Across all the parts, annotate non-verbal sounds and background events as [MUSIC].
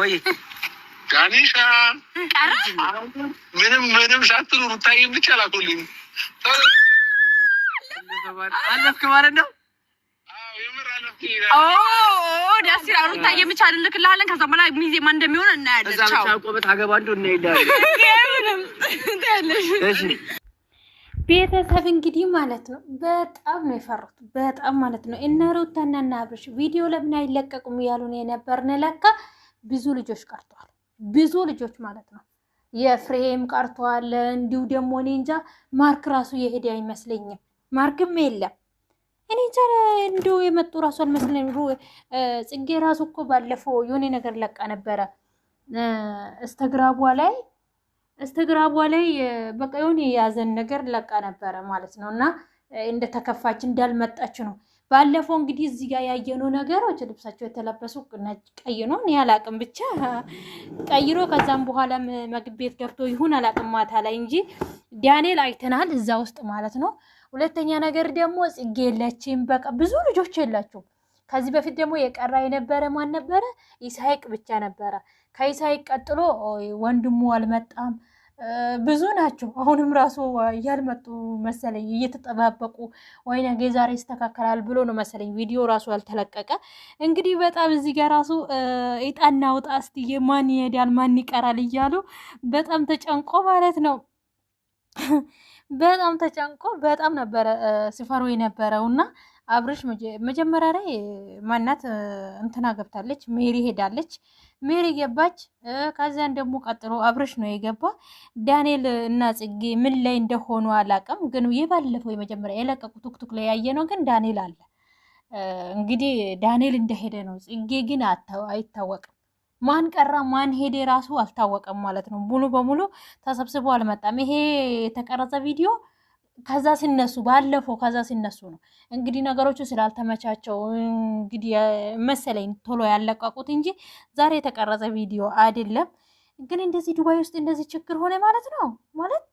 ወይ ዳኒሻ ቀረ። ምንም ምንም ሳትሉ ሩታዬን ብቻ ላኩልኝ። አለፍክ ማለት ነው። ደስ ይላል። ብቻ እንልክልሃለን። ከዛ በኋላ እንደሚሆን እናያለን። ቤተሰብ እንግዲህ ማለት ነው በጣም ነው የፈሩት፣ በጣም ማለት ነው። እነ ሩታና እነ አብርሽ ቪዲዮ ለምን አይለቀቁም እያሉ የነበርን ለካ ብዙ ልጆች ቀርተዋል። ብዙ ልጆች ማለት ነው። የፍሬም ቀርተዋል። እንዲሁ ደግሞ እኔ እንጃ ማርክ ራሱ የሄደ አይመስለኝም። ማርክም የለም። እኔ እንጃ እንዲሁ የመጡ ራሱ አልመስለኝም። ጽጌ ራሱ እኮ ባለፈው የሆነ ነገር ለቃ ነበረ እስተግራቧ ላይ እስተግራቧ ላይ በቃ የሆነ የያዘን ነገር ለቃ ነበረ ማለት ነው እና እንደተከፋች እንዳልመጣች ነው ባለፈው እንግዲህ እዚህ ጋር ያየነው ነገሮች ልብሳቸው የተለበሱ ቀይ ነው። እኔ አላቅም ብቻ ቀይሮ ከዛም በኋላ ምግብ ቤት ገብቶ ይሁን አላቅም ማታ ላይ እንጂ ዳንኤል አይተናል፣ እዛ ውስጥ ማለት ነው። ሁለተኛ ነገር ደግሞ ጽጌ የለችም። በቃ ብዙ ልጆች የላቸው። ከዚህ በፊት ደግሞ የቀራ የነበረ ማን ነበረ? ኢሳይቅ ብቻ ነበረ። ከኢሳይቅ ቀጥሎ ወንድሙ አልመጣም። ብዙ ናቸው። አሁንም ራሱ እያልመጡ መሰለኝ እየተጠባበቁ ወይ ነገ ዛሬ ይስተካከላል ብሎ ነው መሰለኝ ቪዲዮ ራሱ ያልተለቀቀ። እንግዲህ በጣም እዚህ ጋር ራሱ እጣና ውጣ እስቲ ማን ይሄዳል ማን ይቀራል እያሉ በጣም ተጨንቆ ማለት ነው በጣም ተጨንቆ በጣም ነበረ ሲፈሩ የነበረውና አብርሽ መጀመሪያ ላይ ማናት እንትና ገብታለች፣ ሜሪ ሄዳለች፣ ሜሪ ገባች። ከዚያን ደግሞ ቀጥሎ አብርሽ ነው የገባ። ዳንኤል እና ጽጌ ምን ላይ እንደሆኑ አላቅም፣ ግን የባለፈው የመጀመሪያ የለቀቁ ቱክቱክ ላይ ያየ ነው። ግን ዳንኤል አለ እንግዲህ፣ ዳንኤል እንደሄደ ነው። ጽጌ ግን አይታወቅም። ማን ቀራ ማን ሄደ ራሱ አልታወቀም ማለት ነው። ሙሉ በሙሉ ተሰብስቦ አልመጣም። ይሄ የተቀረጸ ቪዲዮ ከዛ ሲነሱ ባለፈው ከዛ ሲነሱ ነው እንግዲህ ነገሮቹ ስላልተመቻቸው እንግዲህ መሰለኝ ቶሎ ያለቀቁት እንጂ ዛሬ የተቀረጸ ቪዲዮ አይደለም። ግን እንደዚህ ዱባይ ውስጥ እንደዚህ ችግር ሆነ ማለት ነው ማለት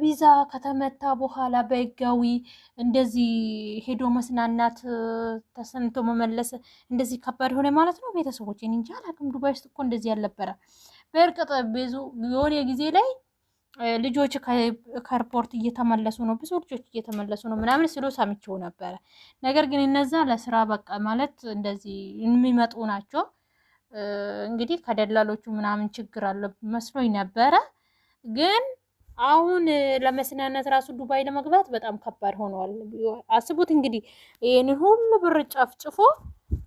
ቪዛ ከተመታ በኋላ በህጋዊ እንደዚህ ሄዶ መስናናት ተሰንቶ መመለስ እንደዚህ ከባድ ሆነ ማለት ነው። ቤተሰቦች እንጃ አላውቅም። ዱባይ ውስጥ እኮ እንደዚህ ያልነበረ በእርቅጥ ብዙ የሆነ ጊዜ ላይ ልጆች ከኤርፖርት እየተመለሱ ነው፣ ብዙ ልጆች እየተመለሱ ነው ምናምን ሲሉ ሰምቼው ነበረ። ነገር ግን እነዛ ለስራ በቃ ማለት እንደዚህ የሚመጡ ናቸው። እንግዲህ ከደላሎቹ ምናምን ችግር አለ መስሎኝ ነበረ። ግን አሁን ለመስናነት ራሱ ዱባይ ለመግባት በጣም ከባድ ሆነዋል። አስቡት እንግዲህ ይህን ሁሉ ብር ጨፍጭፎ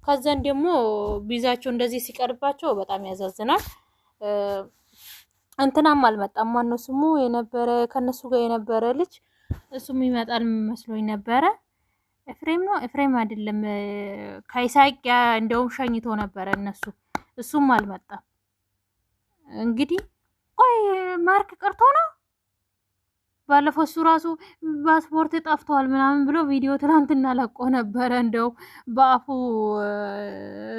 ከዘን ደግሞ ቢዛቸው እንደዚህ ሲቀርባቸው በጣም ያዛዝናል። እንትናም አልመጣም። ማነው ስሙ የነበረ ከነሱ ጋር የነበረ ልጅ እሱም ይመጣል መስሎኝ ነበረ። ኤፍሬም ነው ኤፍሬም አይደለም፣ ከይሳቅ እንደውም ሸኝቶ ነበረ እነሱ እሱም አልመጣም። እንግዲህ ቆይ ማርክ ቀርቶ ነው ባለፈው እሱ ራሱ ፓስፖርት ጠፍቷል ምናምን ብሎ ቪዲዮ ትናንትና ለቆ ነበረ። እንደው በአፉ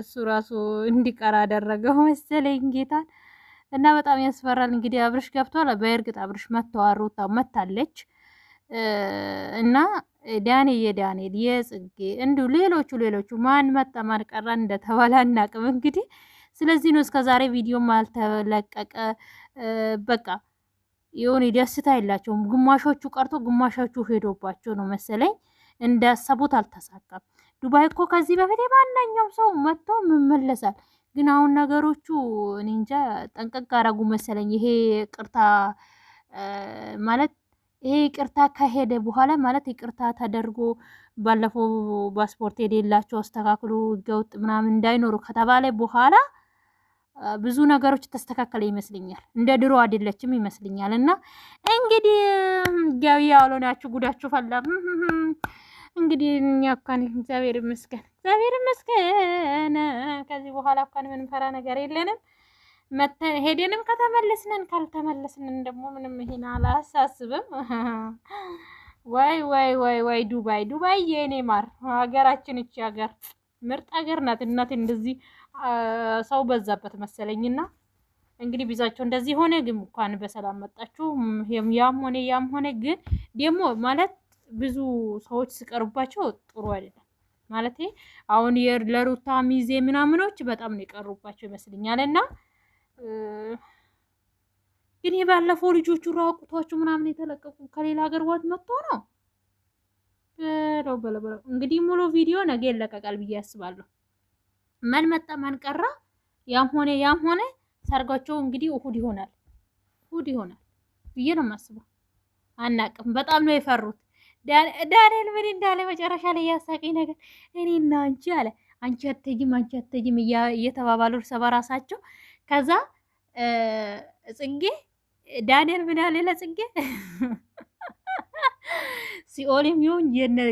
እሱ ራሱ እንዲቀር አደረገው መሰለኝ ጌታን እና በጣም ያስፈራል። እንግዲህ አብርሽ ገብቷል። በእርግጥ አብርሽ መተዋል፣ ሩታ መታለች እና ዳኔ የዳኔል የጽጌ እንዲሁ ሌሎቹ ሌሎቹ ማን መጣ ማን ቀረ እንደተባለ አናቅም። እንግዲህ ስለዚህ ነው እስከዛሬ ቪዲዮም አልተለቀቀ። በቃ የሆነ ደስታ የላቸውም። ግማሾቹ ቀርቶ ግማሾቹ ሄዶባቸው ነው መሰለኝ እንዳሰቡት አልተሳካም። ዱባይ እኮ ከዚህ በፊት የማናኛውም ሰው መጥቶ ይመለሳል። ግን አሁን ነገሮቹ እኔ እንጃ ጠንቀቅ አረጉ መሰለኝ። ይሄ ቅርታ ማለት ይሄ ቅርታ ከሄደ በኋላ ማለት ይቅርታ ተደርጎ ባለፈው ፓስፖርት የሌላቸው አስተካክሎ ህገወጥ ምናምን እንዳይኖሩ ከተባለ በኋላ ብዙ ነገሮች ተስተካከለ ይመስልኛል። እንደ ድሮ አይደለችም ይመስልኛል። እና እንግዲህ ገቢ ያልሆናችሁ ጉዳችሁ ፈላ እንግዲህ እኛ እኳን እግዚአብሔር ይመስገን እግዚአብሔር ይመስገን ከዚህ በኋላ እንኳን ምንፈራ ነገር የለንም። ሄደንም ከተመለስንን ካልተመለስንን ደግሞ ምንም ይሄን አላሳስብም። ወይ ወይ ወይ ወይ ዱባይ ዱባይ የኔ ማር ሀገራችን፣ እቺ ሀገር ምርጥ ሀገር ናት። እናት እንደዚህ ሰው በዛበት መሰለኝና እንግዲህ ቢዛቸው እንደዚህ ሆነ። ግን እንኳን በሰላም መጣችሁ። ያም ሆነ ያም ሆነ ግን ደግሞ ማለት ብዙ ሰዎች ሲቀርቡባቸው ጥሩ አይደለም። ማለት አሁን ለሩታ ሚዜ ምናምኖች በጣም ነው የቀሩባቸው ይመስልኛል። እና ግን የባለፈው ልጆቹ ራቁቷቸው ምናምን የተለቀቁ ከሌላ ሀገር ወት መጥቶ ነው በለው። እንግዲህ ሙሉ ቪዲዮ ነገ ይለቀቃል ብዬ አስባለሁ። ማን መጣ ማን ቀራ፣ ያም ሆነ ያም ሆነ ሰርጋቸው እንግዲህ እሁድ ይሆናል እሁድ ይሆናል ብዬ ነው የማስበው። አናቅም። በጣም ነው የፈሩት። ዳንኤል ምን እንዳለ መጨረሻ ላይ ያሳቀኝ ነገር እኔና አንቺ አለ አንቺ አትሄጂም አንቺ አትሄጂም እየተባባሉ እርስ በራሳቸው ከዛ ጽጌ ዳንኤል ምን አለ ለጽጌ [LAUGHS] ሲኦልም ይሁን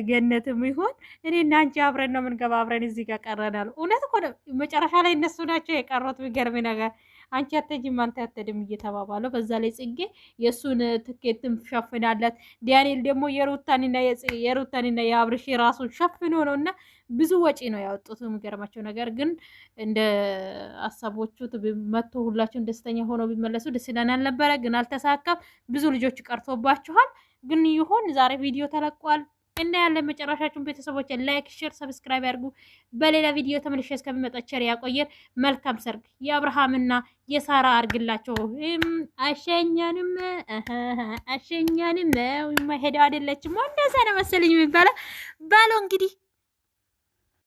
ገነትም ይሁን እኔና አንቺ አብረን ነው ምንገባ አብረን እዚህ ጋር ቀረናል እውነት እኮ መጨረሻ ላይ እነሱ ናቸው የቀሩት የሚገርም ነገር አንቺ አትሄጂም አንተ አትሄድም እየተባባሉ በዛ ላይ ጽጌ የእሱን ትኬትም ሸፍናለት፣ ዳንኤል ደግሞ የሩታንና የአብርሽ ራሱን ሸፍኖ ነው እና ብዙ ወጪ ነው ያወጡት። የሚገርማቸው ነገር ግን እንደ አሳቦቹ መቶ ሁላቸውን ደስተኛ ሆኖ ቢመለሱ ደስ ይለን አልነበረ፣ ግን አልተሳካም። ብዙ ልጆች ቀርቶባችኋል። ግን ይሁን ዛሬ ቪዲዮ ተለቋል። እና ያለ መጨረሻችሁን ቤተሰቦች ላይክ፣ ሼር፣ ሰብስክራይብ ያድርጉ። በሌላ ቪዲዮ ተመልሼ እስከሚመጣ ቸር ያቆየን። መልካም ሰርግ የአብርሃምና የሳራ አርግላቸው። አሸኛንም አሸኛንም ሄደው አይደለችም ወንደሰ ነው መሰለኝ የሚባለው ባለው እንግዲህ